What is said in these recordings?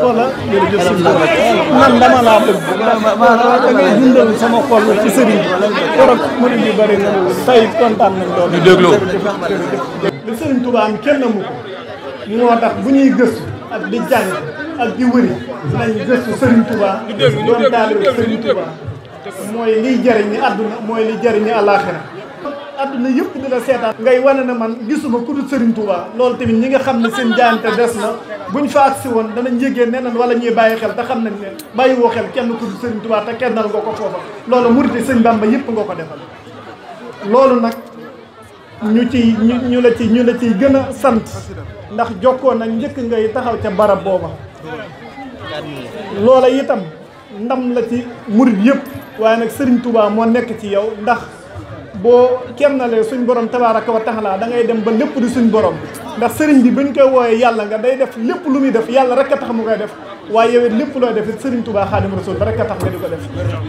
xoola jërëjëf sëñ man dama laa bëgg maanaam da ngay dundal sama xol ci sëriñ bi korog murid yi bëri na tey kontaan nañ doon ñu déglu li sëriñ Tuubaa am kenn mu ko moo tax bu ñuy gëstu ak di jàng ak di wëri nañ gëstu sëriñ Tuubaa doon taalibe sëriñ Tuubaa mooy liy jëriñi àdduna mooy liy jëriñi àllaaxira àdduna yëpp di la seetaan ngay wane ne man gisuma ku dul Serigne Touba loolu tamit ñi nga xam ne seen jaante des na buñ fa si woon danañ yëgee neneen wala ñuy bàyyi xel te xam nañ ne bàyyi woo xel kenn ku dul Serigne Touba te kennal nga ko foofa loolu murite Serigne Bamba yëpp nga ko defal loolu nag ñu ci ñu ñu la ci ñu la ciy gën a sant ndax jokkoon nag njëkk ngay taxaw ca barab booba loola itam ndam la ci murit yëpp waaye nag sëriñ tubaa moo nekk ci yow ndax boo kennalee suñ borom tabaaraka wa taala da ngay dem ba lépp di suñ borom ndax sëriñ bi buñ koy woowee yàlla nga day def lépp lu muy def yàlla rek a tax mu koy def waaye yow it lépp looy def it sëriñ tubaa xaadim rasul rek a tax nga di ko def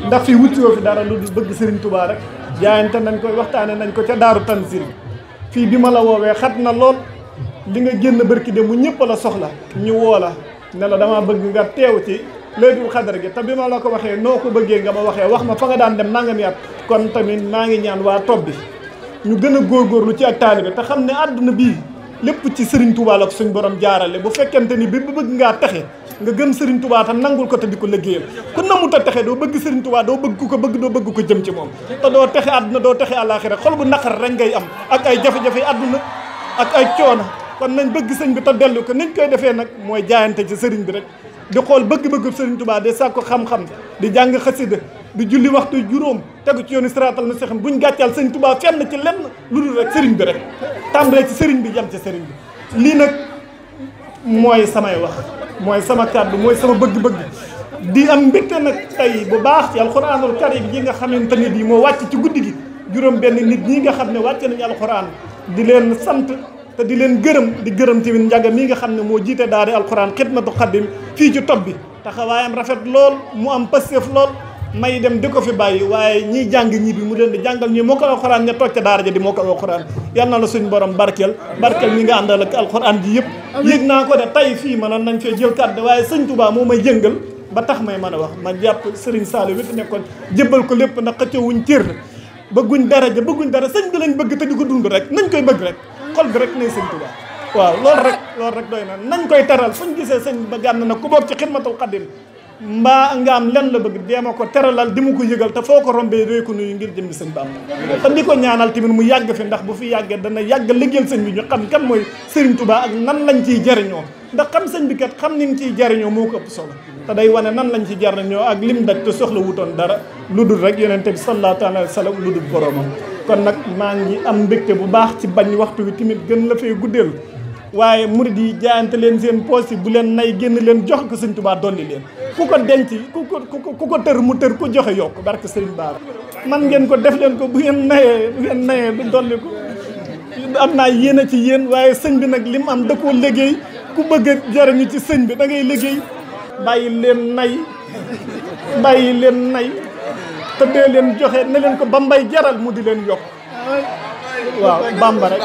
nda fii wuti yoo fi dara lu bëgg sëriñ tubaa rek jaayante nañ koy waxtaane nañ ko ca daaru tanzil fii bi ma la woowee xat na lool li nga génn barki de mu ñëpp la soxla ñu woo la ne la dama bëgg nga teew ci laytul xadar gi te bi ma la ko waxee noo ko bëggee nga ma waxee wax ma fa nga daan dem nangami at kon tamit naa ngi ñaan waa topp bi ñu gën a góor góorgóorlu ci ak taalibe te xam ne àdduna bii lépp ci Serigne Touba la ko suñ borom jaarale bu fekkente ni bi bëgg ngaa texe nga gën Serigne Touba te nangul ko te di ko liggéeyal ku namut a texe doo bëgg Serigne Touba doo bëgg ko bëgg doo bëgg ko jëm ci moom te doo texe àdduna doo texe àllaaxira xol bu naqar rek ngay am ak ay jafe-jafe ak ay coono kon nañ bëgg sëñ bi te dellu ko nañ koy defee nag mooy jaayante ci sëriñ bi rek di xool bëgg-bëggu sëriñ Tuubaa de saako xam-xam di jàng xasida di julli waxtu juróom tegu ci yoonu siraatal mustaqiim buñ gàccal sëñ Tuubaa fenn ci lenn lu dul rek sëriñ bi rek tàmbalee ci sëriñ bi jam ci sëriñ bi lii nag mooy samay wax mooy sama kàddu mooy sama bëgg-bëgg di am mbégte nag tey bu baax ci alxuraanul karim yi nga xamante nit yi moo wàcc ci guddi gi juróom benn nit ñi nga xam ne wàcc nañu alxuraan di leen sant te di leen gërëm di gërëm tamit njaga mi nga xam ne moo jiite daare alquran xidmatu xadim fii ci topp bi taxawaayam rafet lool mu am pastéef lool may dem di ko fi bàyyi waaye ñiy jàng ñi bi mu leen di jàngal ñuy moo ko alquran ña toog ca daara ja di moo ko alquran yal na la suñ borom barkeel barkeel ñi nga àndal ak alquran ji yëpp yëg naa ko de tay fii mënoon nañ fee jël kàddu waaye sëñ Tuubaa moo may yëngal ba tax may man a wax ma jàpp sëriñ Saliou bi nekkoon jébbal ko lépp ndax xëccoo wuñ cër bëgguñ dara ja bëgguñ dara sëñ bi lañ bëgg te di ko dund rek nañ koy bëgg rek kol bi rek ne sëñ Tuubaa waaw loolu rek loolu rek doy na nañ koy teral fuñ gisee sëñ ba gànn nag ku bokk ci xidmatul xadim mbaa nga am lenn la bëgg deema ko teralal di mu ko yëgal te foo ko rombee doy ko nuyu ngir jëm bi sëñ Bàmba te di ko ñaanal tamit mu yàgg fi ndax bu fi yàggee dana yàgg liggéeyal sëñ bi ñu xam kan mooy sëriñ Tuubaa ak nan lañ ciy jariñoo ndax xam sëñ bi kat xam ni mu ciy jariñoo moo ko ëpp solo te day wane nan lañ ci jariñoo ak lim daj te soxla wutoon dara lu dul rek yonente bi sallallahu alayhi wa sallam lu dul boroomam kon nag maa ngi am mbégte bu baax ci bañ waxtu wi tamit gën la fee guddeel waaye murid yi jaayante leen seen poos yi bu leen nay génn leen jox ko sëñ Tuubaa dolli leen ku ko denc ku ko ku ko tër mu tër ku joxe yokk barke sëriñ Baara man ngeen ko def leen ko bu ngeen nayee bu ngeen nayee du dolli ko am naa yéen a ci yéen waaye sëñ bi nag li mu am da koo liggéey ku bëgg a jariñu ci sëñ bi da ngay liggéey bàyyi leen nay bàyyi leen nay te dee leen joxe na leen ko bambay jaral mu di leen yokk waaw bamba rek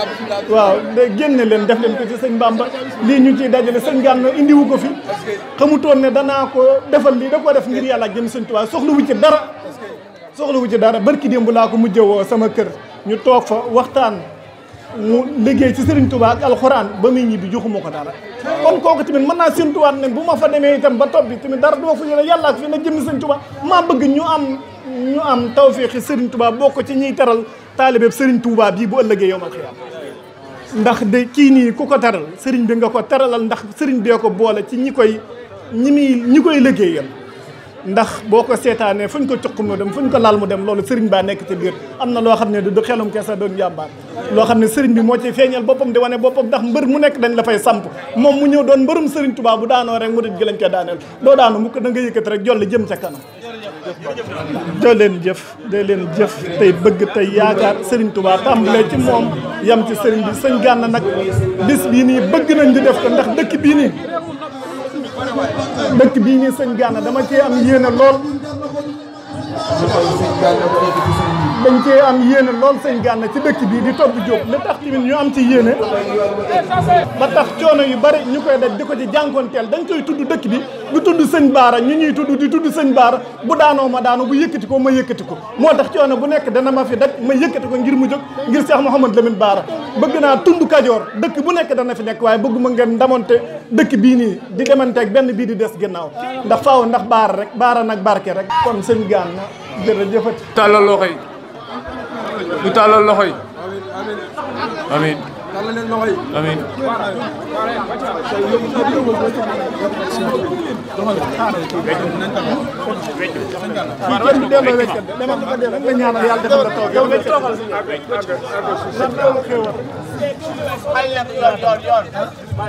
waaw de génne leen def leen ko ci sëñ bamba lii ñu ciy dajale sëñ Gana indiwu ko fi xamutoon ne danaa ko defal lii da ko def ngir yàlla jëm sëñ Tuubaa soxlawu ci dara soxlawu ci dara barki démb laa ko mujjee woo sama kër ñu toog fa waxtaan mu liggéey ci Serigne Touba ak alxuraan ba muy ñibbi joxuma ko dara kon kooku tamit mën naa séntuwaat ne bu ma fa demee itam ba topp bi tamit dara du ma fa yéene yàlla ak fi na jëm Serigne Touba maa bëgg ñu am ñu am tawféexi tubaab boo ko ci ñiy teral taalibeeb sëriñ Touba bii bu ëllëgee ak xiyaam ndax de kii nii ku ko taral sëriñ bi nga ko teralal ndax sëriñ bee ko boole ci ñi koy ñi muy ñi koy liggéeyal ndax boo ko seetaanee fuñ ko cuq mu dem fuñ ko laal mu dem loolu Serigne baa nekk ci biir am na loo xam ne du du xelum keesa doon jàmbaar loo xam ne Serigne bi moo ci feeñal boppam di wane boppam ndax mbër mu nekk dañ la fay samp moom mu ñëw doon mbërum Serigne Touba bu daanoo rek mu daj gi lañ koy daaneel doo daanu mukk da nga yëkkati rek jolli jëm ca kanam doo leen jëf doo leen jëf tey bëgg tey yaakaar Serigne Touba tàmbalee ci moom yam ci sëriñ bi sëñ Gana nag bis bii nii bëgg nañ di def ko ndax dëkk bii nii dëkk bii nii sëñ Gana dama cee am yéene lool. dañ koy am yéene lool sëñ Gana ci dëkk bi di togg jóg li tax tamit ñu am ci yéene ba tax coono yu bari ñu koy daj di ko ci jànkoonteel dañ koy tudd dëkk bi du tudd sëñ baara ñu ñuy tudd di tudd sëñ baara bu daanoo ma daanu bu yëkkati ko ma yëkkati ko moo tax coono bu nekk dana ma fi daj ma yëkkati ko ngir mu jóg ngir Cheikh Mouhamad Lamine Baara bëgg naa tund Kajoor dëkk bu nekk dana fi nekk waaye bëgguma ma ngeen ndamonte dëkk bii nii di demanteeg benn bii di des ginnaaw ndax faaw ndax baara rek baara nag barke rek kon sëñ Gana jërëjëfati tàllal loxo yi ñu tàllal loxo yi amiin amiin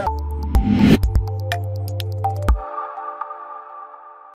amiin